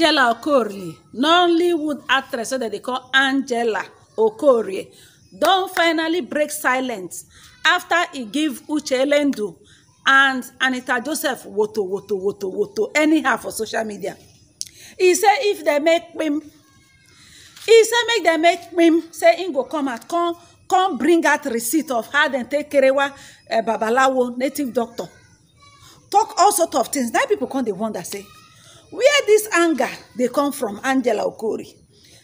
angela okorie nollywood actress wey dem dey call angela okorie don finally break silence after e give uche elendu and anita joseph woto woto woto woto anyhow for social media e say if dem make pim e say make dem make pim say im go come out come come bring out receipt of how dem take kerewa eh, babalawo native doctor talk all sorts of things na people come dey wonder say where this anger dey come from angela okori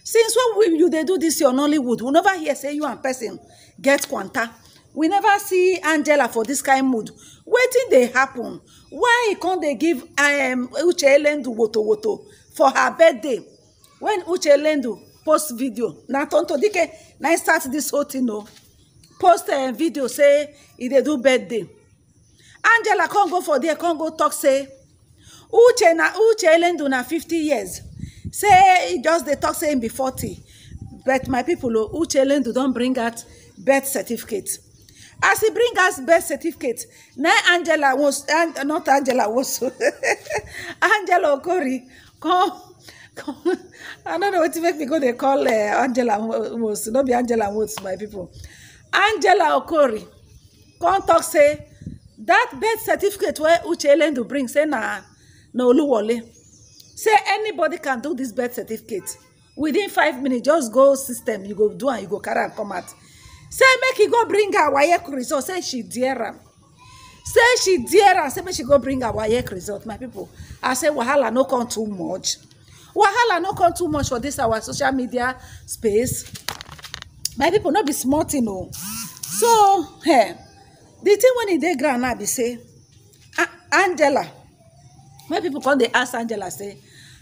since when you dey do this your nollywood we never hear say you and person get kwanta we never see angela for dis kain mood wetin dey happen why e con dey give um, uche elendu woto for her birthday When uche elendu post video na tonto dike na im e start this whole thing o oh. post um, video say e dey do birthday angela con go for there con go talk say uche na uche elendu na 50 years say e just dey talk say him be 40 but my people o oh, uche elendu don bring out birth certificate as he bring out birth certificate na angela was not angela was angela okori come i don't know what to make me go dey call uh, angela Woods, no be angela Woods, my people angela okori come talk say that birth certificate wey uche elendu bring say na na Oluwole. Say anybody can do this birth certificate. Within five minutes, just go system, you go do and you go carry and come out. Say make you go bring her WAEC result. Say she dear am. Say she dear am. Say make she go bring her WAEC result, my people. I say wahala no come too much. Wahala no come too much for this our social media space. My people no be small thing o. Oh. So, hey, eh, the thing when e dey ground now be say, Angela when people come dey ask angela say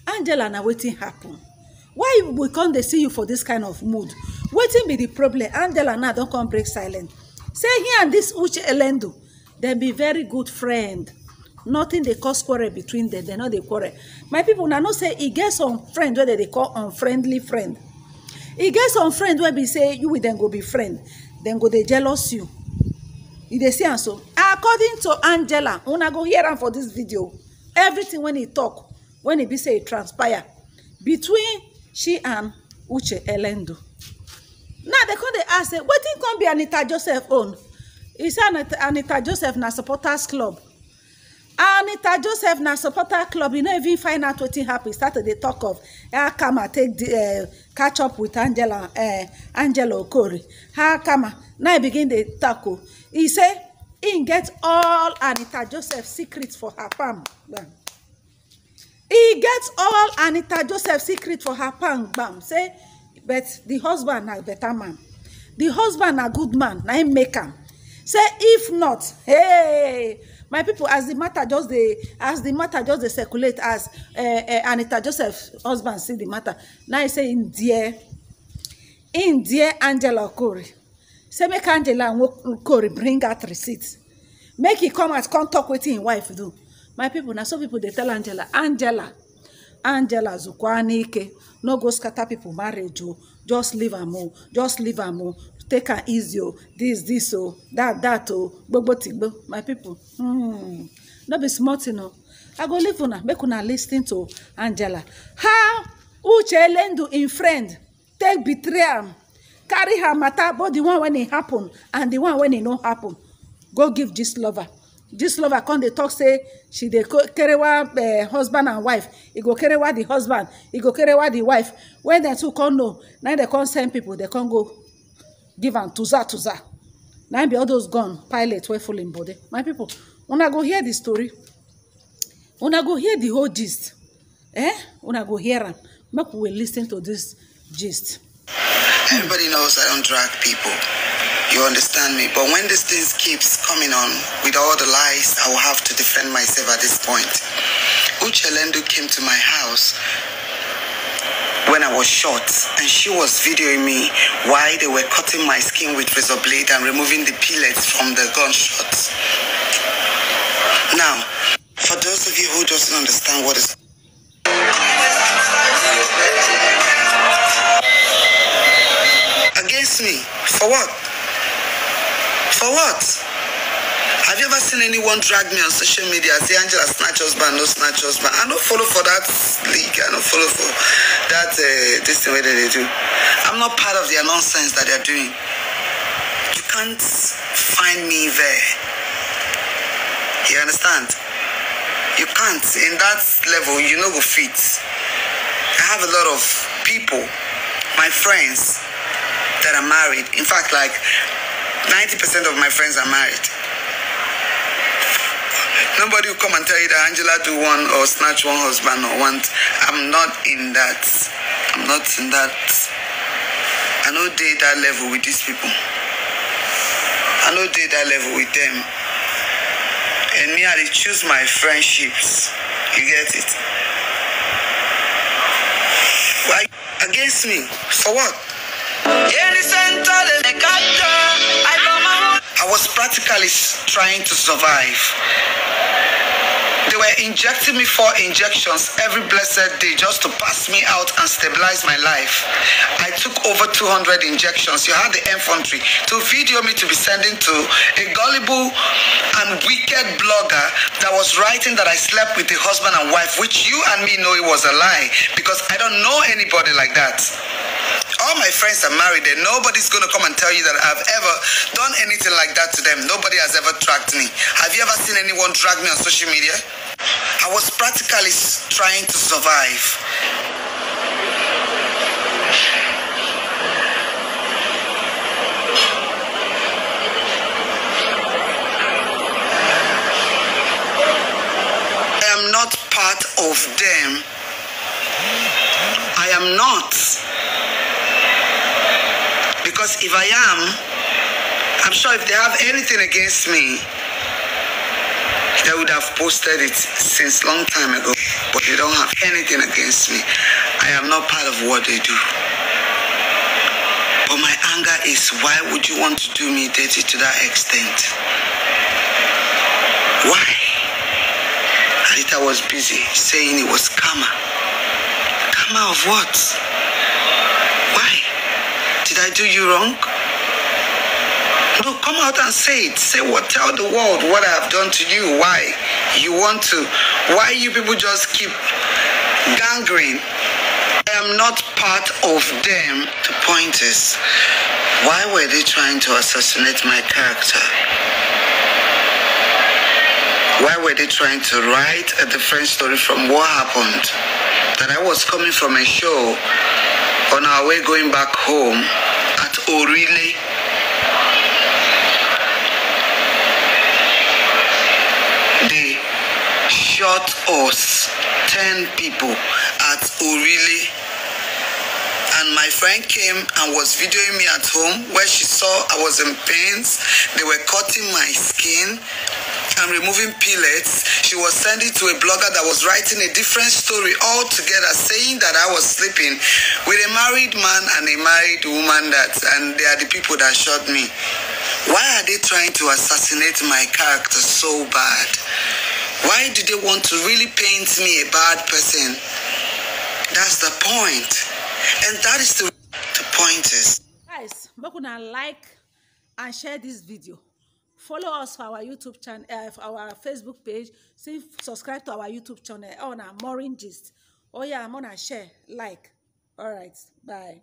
angela na wetin happen why we come dey see you for this kind of mood wetin be the problem angela now don come break silent say he and this uche elendo dem be very good friend nothing dey cause quarrel between them. dem no dey quarrel my people una know say e get some friend wey dem dey call unfriendly friend e get some friend wey be say you with dem go be friend dem go dey jealous you you dey see am so according to angela una go hear am for this video everything when he talk when he be say it transpire between she and uche elendu now they come they ask say thing come be anita joseph own He say anita joseph na supporters club anita joseph na supporter club you know even find out wetin happen Started to talk of how kama take eh, catch up with angela eh, Angelo Corey. how come. now he begin the talk oh. He e say He gets all anita joseph secrets for her palm bam. He gets all anita joseph secrets for her palm bam. say but the husband a better man the husband a good man na him make him. say if not hey my people as the matter just dey as the matter just dey circulate as uh, uh, anita joseph husband see the matter now he say in dear in dear angela okori say make angela and Corey bring out receipts. make he come out come talk wetin im wife do my people Now some people they tell angela angela angela ike no go scatter people marriage o oh. just leave am o oh. just leave am o oh. take am easy o this this o that that o gbogbo tigbo my people hmm no be small tin o i go leave una make una listen to angela how uche elendu in friend take betray am carry her matter both the one when it happen and the one when it no happen go give this lover This lover come dey talk say she dey kerewa uh, eh, husband and wife e go carry kerewa the husband e go carry kerewa the wife when dem two come know na dem come send people dem come go give am tuza tuza na be all those gun pilot wey full im body my people una go hear the story una go hear the whole gist eh una go hear am make we lis ten to this gist. Everybody knows I don't drag people. You understand me? But when this thing keeps coming on with all the lies, I will have to defend myself at this point. Uchelendu came to my house when I was shot, and she was videoing me why they were cutting my skin with razor blade and removing the pellets from the gunshots. Now, for those of you who doesn't understand what is For what? For what? Have you ever seen anyone drag me on social media say Angela snatch husband, no snatch husband? I don't follow for that league. I don't follow for that uh, this thing where they do. I'm not part of their nonsense that they're doing. You can't find me there. You understand? You can't. In that level, you know who fits. I have a lot of people, my friends, that are married. In fact, like 90% of my friends are married. Nobody will come and tell you that Angela do one or snatch one husband or want. I'm not in that. I'm not in that. I know they that level with these people. I know they that level with them. And me, I choose my friendships. You get it? Why against me? For what? I was practically trying to survive. They were injecting me four injections every blessed day just to pass me out and stabilize my life. I took over 200 injections. You had the infantry to video me to be sending to a gullible and wicked blogger that was writing that I slept with a husband and wife, which you and me know it was a lie because I don't know anybody like that all my friends are married and nobody's going to come and tell you that I've ever done anything like that to them. Nobody has ever dragged me. Have you ever seen anyone drag me on social media? I was practically trying to survive. if I am, I'm sure if they have anything against me, they would have posted it since long time ago. But they don't have anything against me. I am not part of what they do. But my anger is why would you want to do me dirty to that extent? Why? Arita was busy saying it was karma. Karma of what? I do you wrong? No, come out and say it. Say what? Tell the world what I have done to you. Why you want to? Why you people just keep gangrene? I am not part of them. The point is, why were they trying to assassinate my character? Why were they trying to write a different story from what happened? That I was coming from a show on our way going back home orílẹ̀. They shot us ten people at Orile and my friend came and was videoing me at home where she saw I was in pain, They were cutting my skin and removing pellets. She was sending to a blogger that was writing a different story altogether, saying that I was sleeping with a married man and a married woman that, and they are the people that shot me. Why are they trying to assassinate my character so bad? Why do they want to really paint me a bad person? That's the point. And that is the, the point is. Guys, make to like and share this video. follow us for our youtube channel uh, for our facebook page see subscribe to our youtube channel on oh, our Maureen Gist oya oh, amona share like all right bye